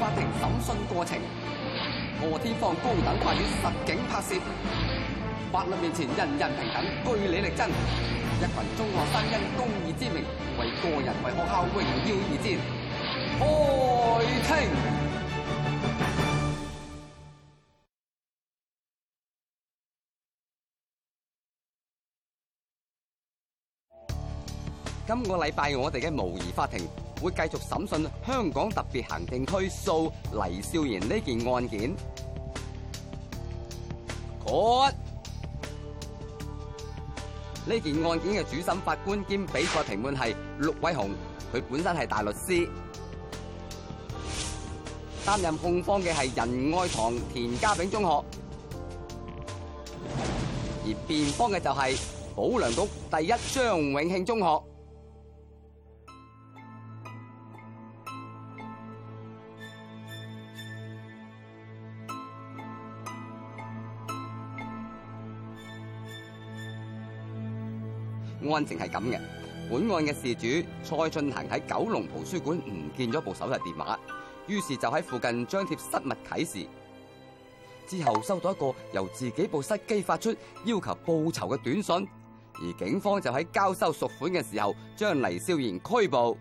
法庭審訊過程，何天放高等法院實景拍攝。法律面前人人平等，據理力爭。一群中學生因公義之名為個人、為學校榮耀而戰。開庭。今個禮拜我哋嘅模擬法庭。會繼續審訊香港特別行政區訴黎少賢呢件案件。Good。呢件案件嘅主審法官兼比賽評判係陸偉雄，佢本身係大律師。擔任控方嘅係仁愛堂田家炳中學，而辯方嘅就係保良局第一張永慶中學。案情係咁嘅，本案嘅事主蔡進衡喺九龍圖書館唔見咗部手提電話，於是就喺附近張貼失物啟事。之後收到一個由自己部失機發出要求報酬嘅短信，而警方就喺交收贖款嘅時候將黎少賢拘捕。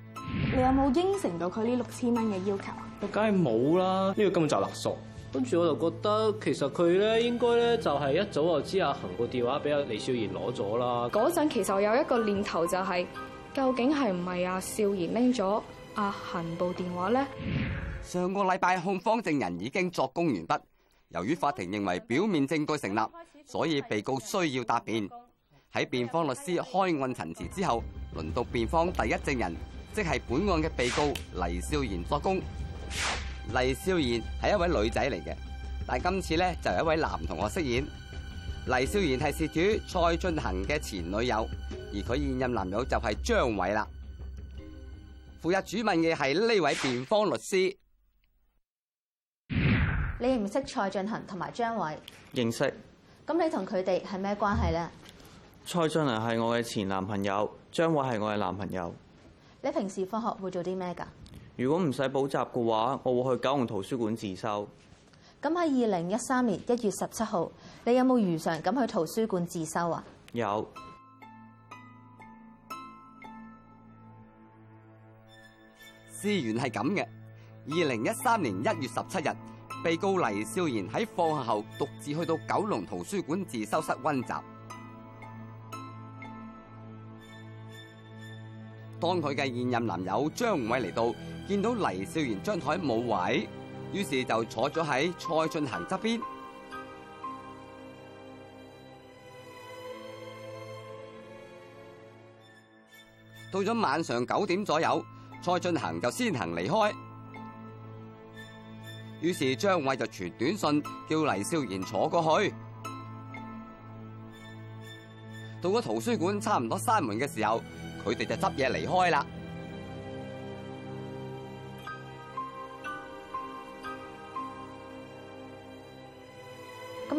你有冇應承到佢呢六千蚊嘅要求？我梗係冇啦，呢個根本就係勒索。跟住我就覺得其實佢咧應該咧就係一早就知阿衡個電話俾阿黎少賢攞咗啦。嗰陣其實我有一個念頭就係究竟係唔係阿少賢拎咗阿衡部電話咧？上個禮拜控方證人已經作供完畢，由於法庭認為表面證據成立，所以被告需要答辯。喺辯方律師開案陳詞之後，輪到辯方第一證人，即係本案嘅被告黎少賢作供。黎少賢係一位女仔嚟嘅，但係今次咧就係一位男同學飾演。黎少賢係事主蔡進衡嘅前女友，而佢現任男友就係張偉啦。負責主問嘅係呢位辯方律師。你唔識蔡進衡同埋張偉？認識。咁你同佢哋係咩關係咧？蔡進衡係我嘅前男朋友，張偉係我嘅男朋友。你平時放學會做啲咩噶？如果唔使補習嘅話，我會去九龍圖書館自修。咁喺二零一三年一月十七號，你有冇如常咁去圖書館自修啊？有。事源係咁嘅。二零一三年一月十七日，被告黎少賢喺放學後獨自去到九龍圖書館自修室溫習。當佢嘅現任男友張偉嚟到，見到黎少賢張台冇位，於是就坐咗喺蔡進衡側邊。到咗晚上九點左右，蔡進衡就先行離開，於是張偉就傳短信叫黎少賢坐過去。到咗圖書館差唔多閂門嘅時候，佢哋就執嘢離開啦。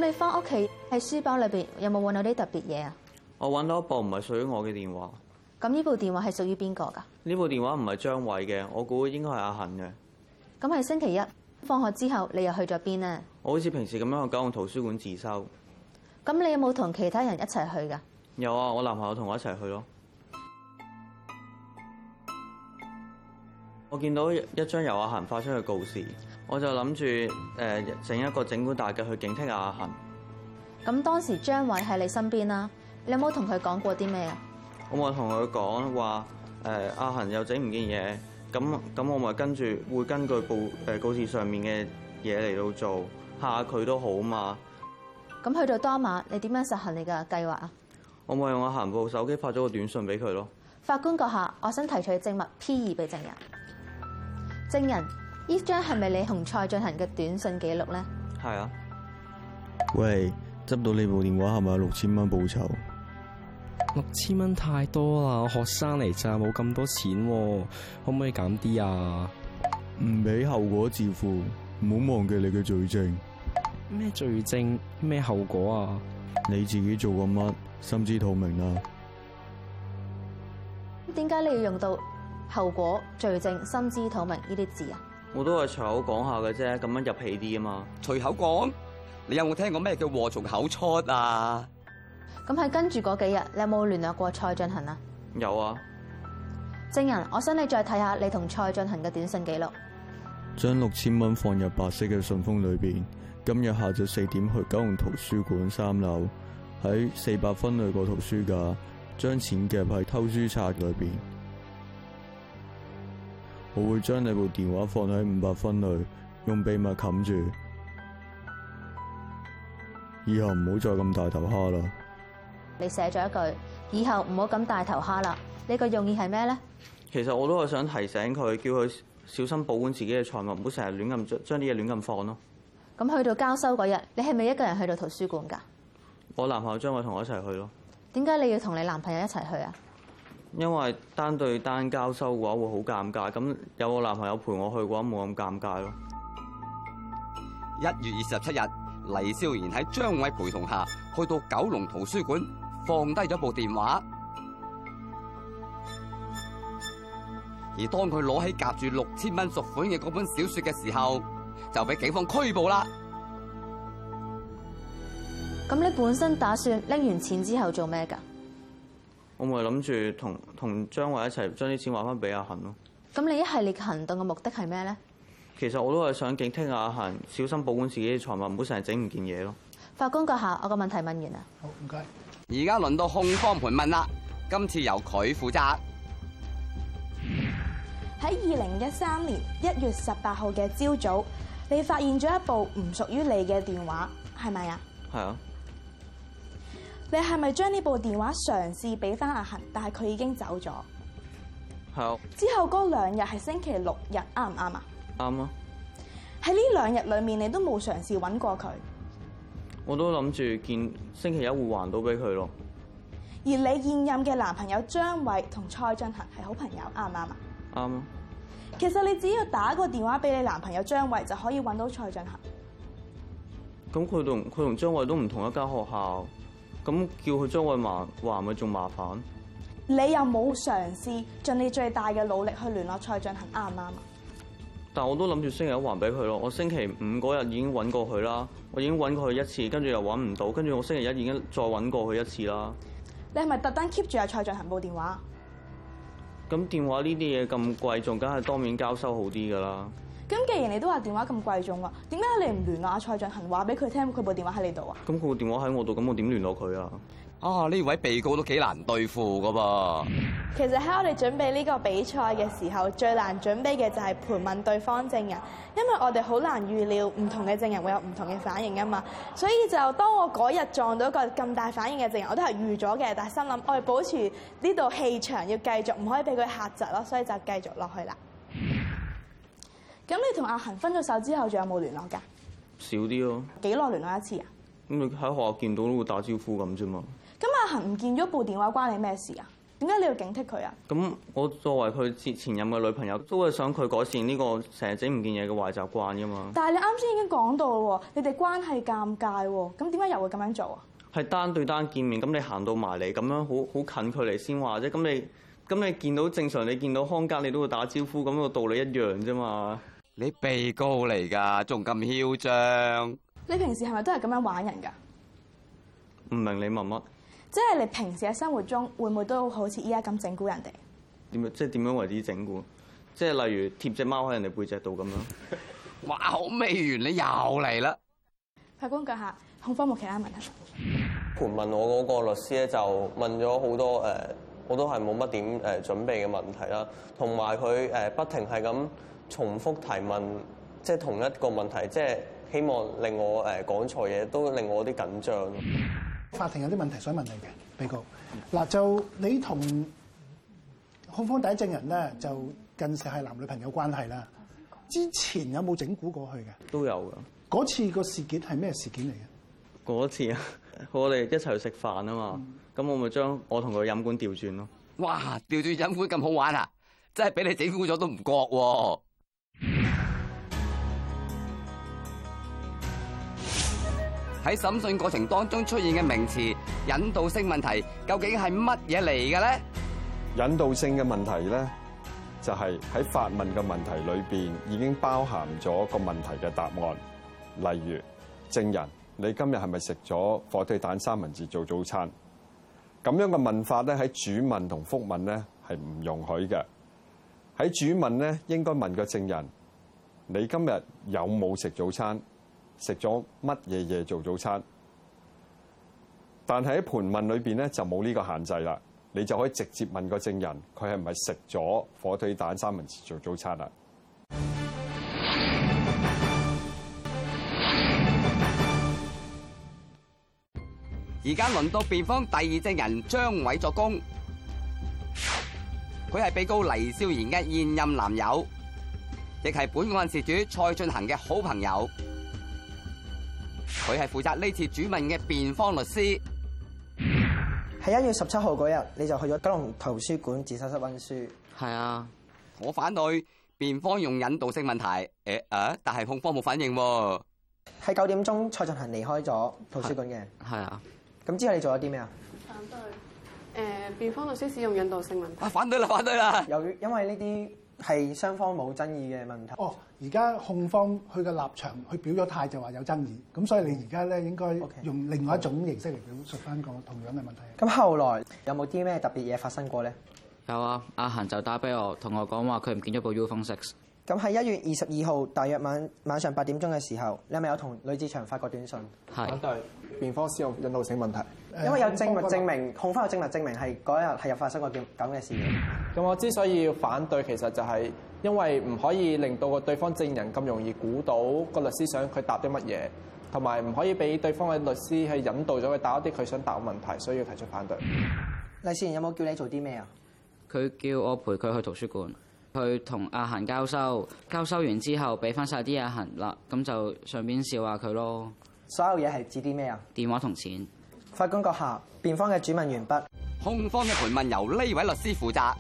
你翻屋企喺書包裡邊有冇揾到啲特別嘢啊？我揾到一部唔係屬於我嘅電話。咁呢部電話係屬於邊個噶？呢部電話唔係張偉嘅，我估應該係阿恒嘅。咁係星期一放學之後，你又去咗邊呢？我好似平時咁樣去九龍圖書館自修。咁你有冇同其他人一齊去噶？有啊，我男朋友同我一齊去咯。我見到一張由阿恒發出去告示。我就諗住誒整一個整蠱大計去警惕阿恒。咁當時張偉喺你身邊啦，你有冇同佢講過啲咩啊？我咪同佢講話誒，阿恒又整唔見嘢，咁咁我咪跟住會根據報誒、呃、告示上面嘅嘢嚟到做吓佢都好嘛。咁去到當晚，你點樣實行你嘅計劃啊？我咪用阿恆部手機發咗個短信俾佢咯。法官閣下，我想提取證物 P 二俾證人。證人。呢張係咪你同蔡進衡嘅短信記錄咧？係啊。喂，執到你部電話係咪有六千蚊報酬？六千蚊太多啦，我學生嚟咋，冇咁多錢喎，可唔可以減啲啊？唔俾後果自負，唔好忘記你嘅罪證。咩罪證？咩後果啊？你自己做過乜？心知肚明啊。點解你要用到後果、罪證、心知肚明呢啲字啊？我都係隨口講下嘅啫，咁樣入戲啲啊嘛。隨口講，你有冇聽過咩叫禍從口出啊？咁喺跟住嗰幾日，你有冇聯絡過蔡進衡啊？有啊。證人，我想你再睇下你同蔡進衡嘅短信記錄。將六千蚊放入白色嘅信封裏邊。今日下晝四點去九龍圖書館三樓，喺四百分類個圖書架，將錢夾喺偷書冊裏邊。我會將你部電話放喺五百分裏，用秘密冚住。以後唔好再咁大頭蝦啦。你寫咗一句，以後唔好咁大頭蝦啦。你個用意係咩咧？其實我都係想提醒佢，叫佢小心保管自己嘅財物，唔好成日亂咁將啲嘢亂咁放咯。咁去到交收嗰日，你係咪一個人去到圖書館噶？我男朋友將會同我一齊去咯。點解你要同你男朋友一齊去啊？因為單對單交收嘅話會好尷尬，咁有我男朋友陪我去嘅話冇咁尷尬咯。一月二十七日，黎少賢喺張偉陪同下去到九龍圖書館，放低咗部電話。而當佢攞起夾住六千蚊贖款嘅嗰本小説嘅時候，就俾警方拘捕啦。咁你本身打算拎完錢之後做咩㗎？我咪諗住同同張偉一齊將啲錢還翻俾阿恒咯。咁你一系列行動嘅目的係咩咧？其實我都係想警惕阿恒，小心保管自己嘅財物，唔好成日整唔見嘢咯。法官閣下，我個問題問完啦。好，唔該。而家輪到控方盤問啦，今次由佢負責。喺二零一三年一月十八號嘅朝早，你發現咗一部唔屬於你嘅電話，係咪啊？係啊。你係咪將呢部電話嘗試俾翻阿衡？但係佢已經走咗。好。之後嗰兩日係星期六日，啱唔啱啊？啱啊。喺呢兩日裏面，你都冇嘗試揾過佢。我都諗住見星期一會還到俾佢咯。而你現任嘅男朋友張偉同蔡進衡係好朋友，啱唔啱啊？啱啊。其實你只要打個電話俾你男朋友張偉，就可以揾到蔡進衡。咁佢同佢同張偉都唔同一間學校。咁叫佢將佢還還咪仲麻煩？你又冇嘗試盡你最大嘅努力去聯絡蔡進衡，啱唔啱啊？但我都諗住星期一還俾佢咯。我星期五嗰日已經揾過佢啦，我已經揾過佢一次，跟住又揾唔到，跟住我星期一已經再揾過佢一次啦。你係咪特登 keep 住阿蔡進衡部電話？咁電話呢啲嘢咁貴，仲梗係當面交收好啲㗎啦。咁既然你都話電話咁貴重喎，點解你唔聯絡阿蔡進衡話俾佢聽佢部電話喺你度啊？咁佢部電話喺我度，咁我點聯絡佢啊？啊，呢位被告都幾難對付㗎噃。其實喺我哋準備呢個比賽嘅時候，最難準備嘅就係盤問對方證人，因為我哋好難預料唔同嘅證人會有唔同嘅反應啊嘛。所以就當我嗰日撞到一個咁大反應嘅證人，我都係預咗嘅，但係心諗我哋保持呢度氣場，要繼續唔可以俾佢嚇窒咯，所以就繼續落去啦。咁你同阿恒分咗手之後，仲有冇聯絡㗎？少啲咯、啊。幾耐聯絡一次啊？咁你喺學校見到都會打招呼咁啫嘛。咁阿恒唔見咗部電話，關你咩事啊？點解你要警惕佢啊？咁我作為佢前前任嘅女朋友，都係想佢改善呢個成日整唔見嘢嘅壞習慣噶嘛。但係你啱先已經講到喎，你哋關係尷尬喎，咁點解又會咁樣做啊？係單對單見面，咁你行到埋嚟咁樣好好近距離先話啫。咁你咁你見到正常，你見到康家你都會打招呼，咁、那個道理一樣啫嘛。你被告嚟噶，仲咁囂張！你平時係咪都係咁樣玩人噶？唔明你問乜？即係你平時喺生活中，會唔會都好似依家咁整蠱人哋？點？即係點樣為之整蠱？即係例如貼隻貓喺人哋背脊度咁樣。 哇！好未完，你又嚟啦！法官閣下，控方冇其他問題。盤問我嗰個律師咧，就問咗好多誒，我都係冇乜點誒準備嘅問題啦，同埋佢誒不停係咁。重複提問，即係同一個問題，即係希望令我誒講、呃、錯嘢，都令我有啲緊張。法庭有啲問題想問你嘅，被告。嗱、嗯、就你同控方第一證人咧，就近時係男女朋友關係啦。之前有冇整蠱過去嘅？都有㗎。嗰次個事件係咩事件嚟嘅？嗰次啊，我哋一齊去食飯啊嘛，咁、嗯、我咪將我同佢飲管調轉咯。哇，調轉飲管咁好玩啊！真係俾你整蠱咗都唔覺喎、啊。喺審訊過程當中出現嘅名詞引導性問題，究竟係乜嘢嚟嘅咧？引導性嘅問題咧，就係喺發問嘅問題裏邊已經包含咗個問題嘅答案。例如證人，你今日係咪食咗火腿蛋三文治做早餐？咁樣嘅問法咧，喺主問同復問咧係唔容許嘅。喺主問咧，應該問個證人，你今日有冇食早餐？食咗乜嘢嘢做早餐？但係喺盤問裏邊咧就冇呢個限制啦，你就可以直接問個證人佢係唔係食咗火腿蛋三文治做早餐啦。而家輪到辯方第二證人張偉作供，佢係被告黎少賢嘅現任男友，亦係本案事主蔡進衡嘅好朋友。佢係負責呢次主問嘅辯方律師。喺一月十七號嗰日那天，你就去咗九龍圖書館自修室溫書。係啊，我反對辯方用引導性問題。誒誒，但係控方冇反應。喺九點鐘，蔡進衡離開咗圖書館嘅。係啊，咁之後你做咗啲咩啊？反對，誒、呃，辯方律師使用引導性問題。啊，反對啦，反對啦。由於因為呢啲。係雙方冇爭議嘅問題。哦，而家控方佢嘅立場，佢表咗態就話有爭議，咁所以你而家咧應該用另外一種形式嚟表述返個同樣嘅問題。咁後來有冇啲咩特別嘢發生過咧？有啊，阿衡就打俾我，同我講話佢唔見咗部 uPhone Six。咁喺一月二十二號大約晚晚上八點鐘嘅時候，你係咪有同呂志祥發過短信？係。反對辯方使用引導性問題。因為有證物證明，控、嗯、方有證物證明係嗰日係有發生過件咁嘅事件。咁、嗯、我之所以要反對，其實就係因為唔可以令到個對方證人咁容易估到個律師想佢答啲乜嘢，同埋唔可以俾對方嘅律師係引導咗佢答一啲佢想答嘅問題，所以要提出反對。黎 s i 有冇叫你做啲咩啊？佢叫我陪佢去圖書館，去同阿恆交收，交收完之後俾翻晒啲阿恆啦，咁就上邊笑下佢咯。所有嘢係指啲咩啊？電話同錢。法官閣下，辯方嘅主問完畢，控方嘅盤問由呢位律師負責。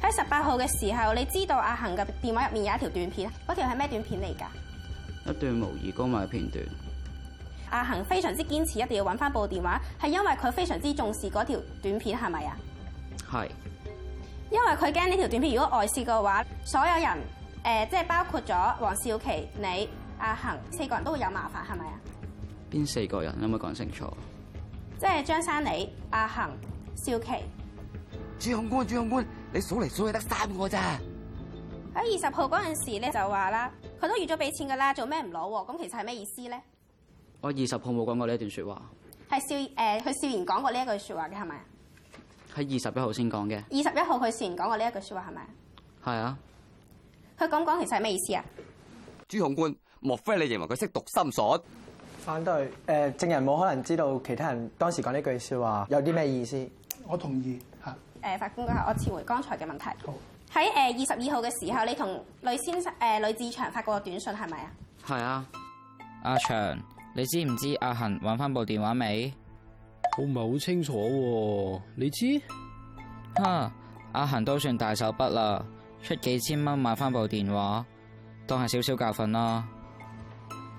喺十八號嘅時候，你知道阿恒嘅電話入面有一條短片，嗰條係咩短片嚟噶？一段無疑高買嘅片段。阿恒非常之堅持一定要揾翻部電話，係因為佢非常之重視嗰條短片，係咪啊？係。因為佢驚呢條短片如果外洩嘅話，所有人誒、呃，即係包括咗黃少琪、你、阿恒四個人都會有麻煩，係咪啊？邊四個人有冇講清楚？即係張生、你阿恒、少琪。主控官，主控官，你數嚟數去得三個咋？喺二十號嗰陣時咧就話啦，佢都預咗俾錢噶啦，做咩唔攞？咁其實係咩意思咧？我二十號冇講過呢一段說話。係少誒，佢、呃、少言講過呢一句說話嘅係咪？喺二十一號先講嘅。二十一號佢少言講過呢一句說話係咪？係啊。佢咁講其實係咩意思啊？主控官，莫非你認為佢識讀心術？反對誒，證人冇可能知道其他人當時講呢句説話有啲咩意思。我同意嚇。誒、呃、法官閣下，我撤回剛才嘅問題。好。喺誒二十二號嘅時候，你同呂先生誒、呃呃、呂志祥發過個短信係咪啊？係啊，阿祥，你知唔知阿恒揾翻部電話未？我唔係好清楚喎。你知？嚇！阿恒都算大手筆啦，出幾千蚊買翻部電話，當係少少教訓啦。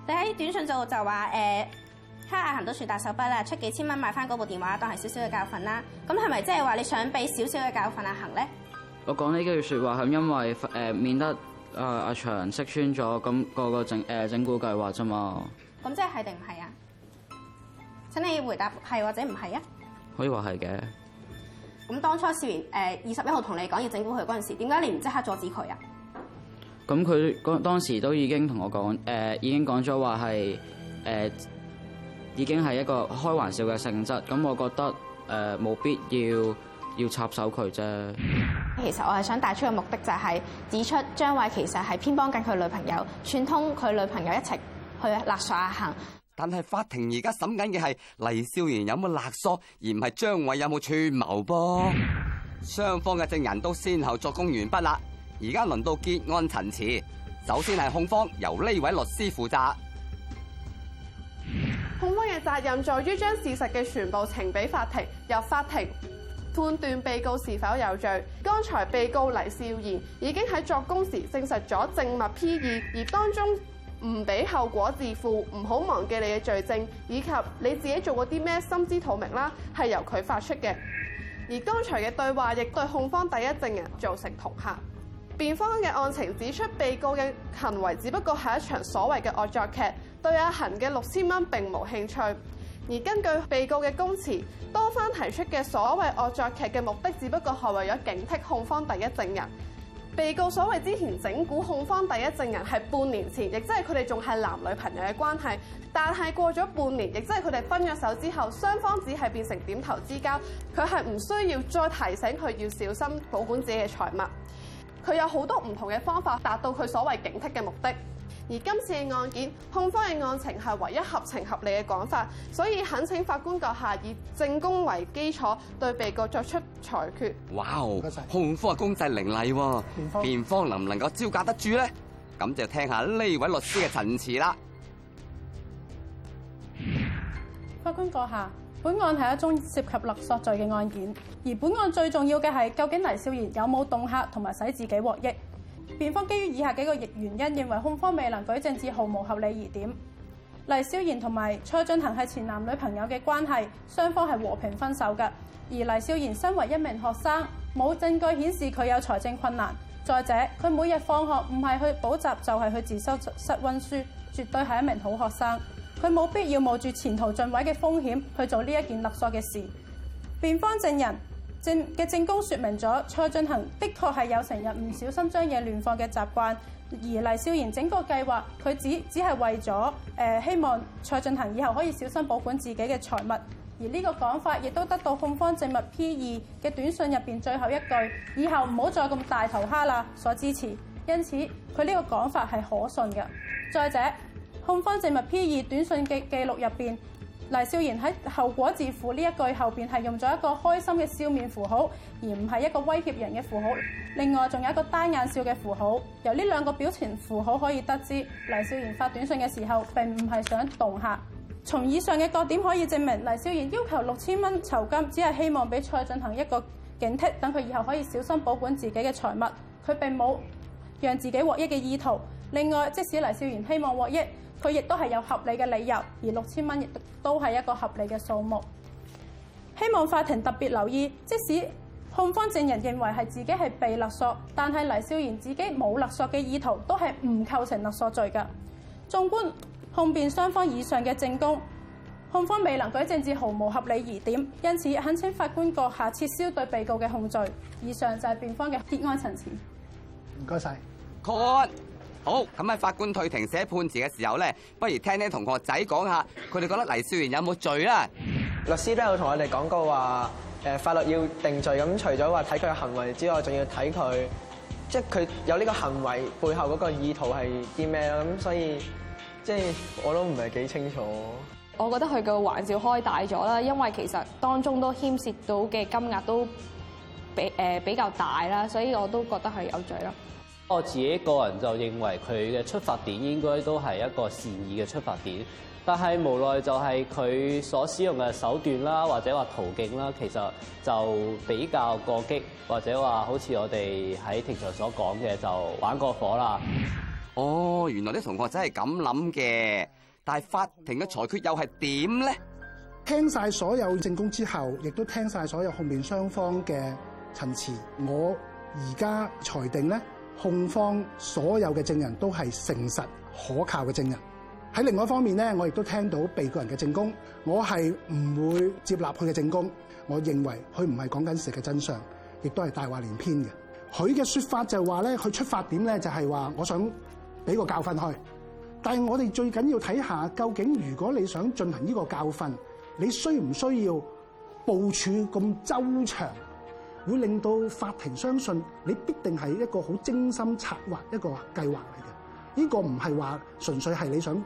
你喺短信度就話誒哈，阿恒都算大手筆啦，出幾千蚊買翻嗰部電話，當係少少嘅教訓啦。咁係咪即係話你想俾少少嘅教訓阿恒咧？我講呢句説話係因為誒、呃、免得啊、呃、阿祥識穿咗，咁個個整誒、呃、整蠱計劃啫嘛。咁即係係定唔係啊？請你回答係或者唔係啊？可以話係嘅。咁當初試完誒二十一號同你講要整蠱佢嗰陣時，點解你唔即刻阻止佢啊？咁佢當時都已經同我講，誒、呃、已經講咗話，係、呃、誒已經係一個開玩笑嘅性質。咁我覺得誒冇、呃、必要要插手佢啫。其實，我係想帶出嘅目的就係指出張偉其實係偏幫緊佢女朋友，串通佢女朋友一齊去勒索阿、啊、衡。但係法庭而家審緊嘅係黎少賢有冇勒索，而唔係張偉有冇串謀噃。雙、嗯、方嘅證人都先後作供完畢啦。而家輪到結案陳詞。首先係控方，由呢位律師負責。控方嘅責任在於將事實嘅全部呈俾法庭，由法庭判斷被告是否有罪。剛才被告黎少賢已經喺作供時證實咗證物 P 二，而當中唔俾後果自負，唔好忘記你嘅罪證以及你自己做過啲咩心知肚明啦，係由佢發出嘅。而剛才嘅對話亦對控方第一證人造成恫嚇。辯方嘅案情指出，被告嘅行為只不過係一場所謂嘅惡作劇，對阿衡嘅六千蚊並無興趣。而根據被告嘅供詞，多番提出嘅所謂惡作劇嘅目的，只不過係為咗警惕控方第一證人。被告所謂之前整蠱控方第一證人係半年前，亦即係佢哋仲係男女朋友嘅關係。但係過咗半年，亦即係佢哋分咗手之後，雙方只係變成點頭之交。佢係唔需要再提醒佢要小心保管自己嘅財物。佢有好多唔同嘅方法達到佢所謂警惕嘅目的，而今次嘅案件控方嘅案情係唯一合情合理嘅講法，所以懇請法官閣下以證供為基礎對被告作出裁決。哇，控方嘅攻勢凌厲，辯方，方能唔能夠招架得住咧？咁就聽下呢位律師嘅陳詞啦。法官閣下。本案係一宗涉及勒索罪嘅案件，而本案最重要嘅係究竟黎少賢有冇恫嚇同埋使自己獲益？辯方基於以下幾個原因，認為控方未能舉證至毫無合理疑點。黎少賢同埋蔡進衡係前男女朋友嘅關係，雙方係和平分手嘅。而黎少賢身為一名學生，冇證據顯示佢有財政困難。再者，佢每日放學唔係去補習，就係去自修室溫書，絕對係一名好學生。佢冇必要冒住前途盡毀嘅風險去做呢一件勒索嘅事。辯方證人的證嘅證供說明咗蔡進衡的確係有成日唔小心將嘢亂放嘅習慣，而黎少賢整個計劃，佢只只係為咗誒希望蔡進衡以後可以小心保管自己嘅財物，而呢個講法亦都得到控方證物 P 二嘅短信入邊最後一句：以後唔好再咁大頭蝦啦所支持。因此佢呢個講法係可信嘅。再者，控方證物 P 二短信記記錄入邊，黎少賢喺「後果自負」呢一句後面係用咗一個開心嘅笑面符號，而唔係一個威脅人嘅符號。另外仲有一個單眼笑嘅符號，由呢兩個表情符號可以得知，黎少賢發短信嘅時候並唔係想恫嚇。從以上嘅各點可以證明，黎少賢要求六千蚊酬金，只係希望俾蔡進衡一個警惕，等佢以後可以小心保管自己嘅財物。佢並冇讓自己獲益嘅意圖。另外，即使黎少賢希望獲益，佢亦都係有合理嘅理由，而六千蚊亦都係一個合理嘅數目。希望法庭特別留意，即使控方證人認為係自己係被勒索，但係黎少賢自己冇勒索嘅意圖，都係唔構成勒索罪嘅。縱觀控辯雙方以上嘅證供，控方未能舉證至毫無合理疑點，因此懇請法官閣下撤銷對被告嘅控罪。以上就係辯方嘅結案陳詞。唔該晒，個案好，咁喺法官退庭寫判詞嘅時候咧，不如聽聽同學仔講下，佢哋覺得黎少賢有冇罪啦？律師都有同我哋講過話，法律要定罪，咁除咗話睇佢嘅行為之外，仲要睇佢，即係佢有呢個行為背後嗰個意圖係啲咩咯。咁所以，即係我都唔係幾清楚。我覺得佢嘅玩笑開大咗啦，因為其實當中都牽涉到嘅金額都比、呃、比較大啦，所以我都覺得係有罪咯。我自己個人就認為佢嘅出發點應該都係一個善意嘅出發點，但係無奈就係佢所使用嘅手段啦，或者話途徑啦，其實就比較過激，或者話好似我哋喺庭上所講嘅就玩過火啦。哦，原來啲同學仔係咁諗嘅，但係法庭嘅裁決又係點咧？聽晒所有證供之後，亦都聽晒所有控辯雙方嘅陳詞，我而家裁定咧。控方所有嘅證人都係誠實可靠嘅證人。喺另外一方面呢，我亦都聽到被告人嘅證供，我係唔會接納佢嘅證供。我認為佢唔係講緊事嘅真相，亦都係大話連篇嘅。佢嘅說法就係話呢，佢出發點呢就係話我想俾個教訓佢。但係我哋最緊要睇下，究竟如果你想進行呢個教訓，你需唔需要部署咁周詳？會令到法庭相信你必定係一個好精心策劃的一個計劃嚟嘅，呢、這個唔係話純粹係你想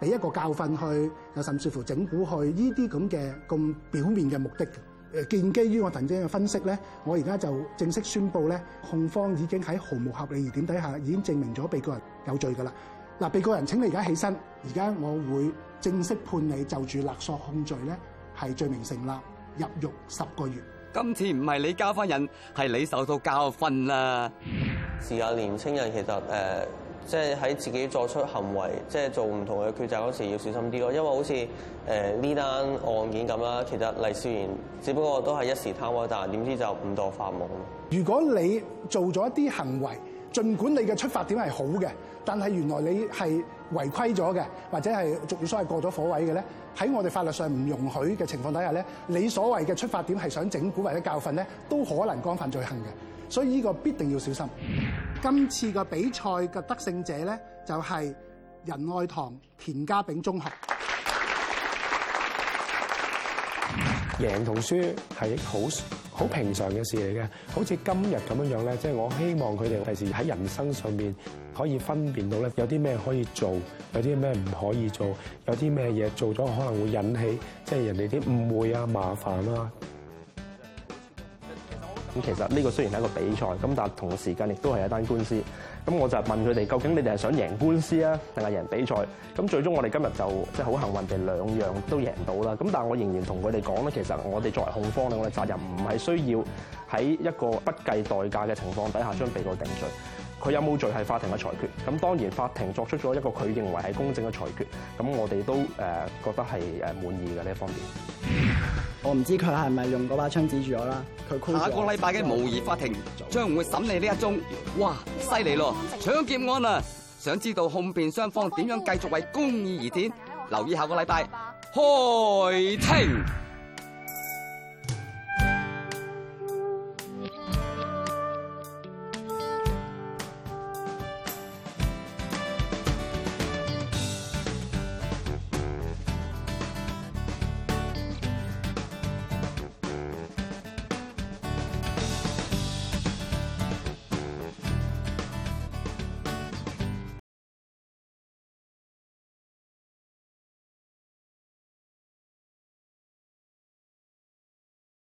俾一個教訓去，又甚至乎整蠱去呢啲咁嘅咁表面嘅目的嘅。誒、呃，建基於我曾經嘅分析咧，我而家就正式宣布咧，控方已經喺毫無合理疑點底下已經證明咗被告人有罪噶啦。嗱，被告人請你而家起身，而家我會正式判你就住勒索控罪咧係罪名成立，入獄十個月。今次唔係你教翻人，係你受到教訓啦。時下年青人其實誒，即係喺自己作出行為，即係做唔同嘅抉擇嗰時，要小心啲咯。因為好似誒呢單案件咁啦，其實黎少賢只不過都係一時貪玩，但係點知就誤墮法網。如果你做咗一啲行為，儘管你嘅出發點係好嘅，但係原來你係違規咗嘅，或者係俗語所謂過咗火位嘅咧，喺我哋法律上唔容許嘅情況底下咧，你所謂嘅出發點係想整蠱或者教訓咧，都可能光犯罪行嘅，所以呢個必定要小心。今次嘅比賽嘅得勝者咧，就係仁愛堂田家炳中學。贏同輸係好輸。好平常嘅事嚟嘅，好似今日咁樣樣咧，即係我希望佢哋第時喺人生上面可以分辨到咧，有啲咩可以做，有啲咩唔可以做，有啲咩嘢做咗可能會引起即係人哋啲誤會啊、麻煩啊。咁其實呢個雖然係一個比賽，咁但係同時間亦都係一單官司。咁我就問佢哋，究竟你哋係想贏官司啊，定係贏比賽？咁最終我哋今日就即係好幸運地兩樣都贏到啦。咁但係我仍然同佢哋講咧，其實我哋作為控方咧，我哋責任唔係需要喺一個不計代價嘅情況底下將被告定罪。佢有冇罪係法庭嘅裁決，咁當然法庭作出咗一個佢認為係公正嘅裁決，咁我哋都誒、呃、覺得係誒、呃、滿意嘅呢一方面。我唔知佢係咪用嗰把槍指住我啦，佢箍。下個禮拜嘅模擬法庭將會審理呢一宗，哇，犀利咯，搶劫案啊！想知道控辯雙方點樣繼續為公義而戰？留意下個禮拜開庭。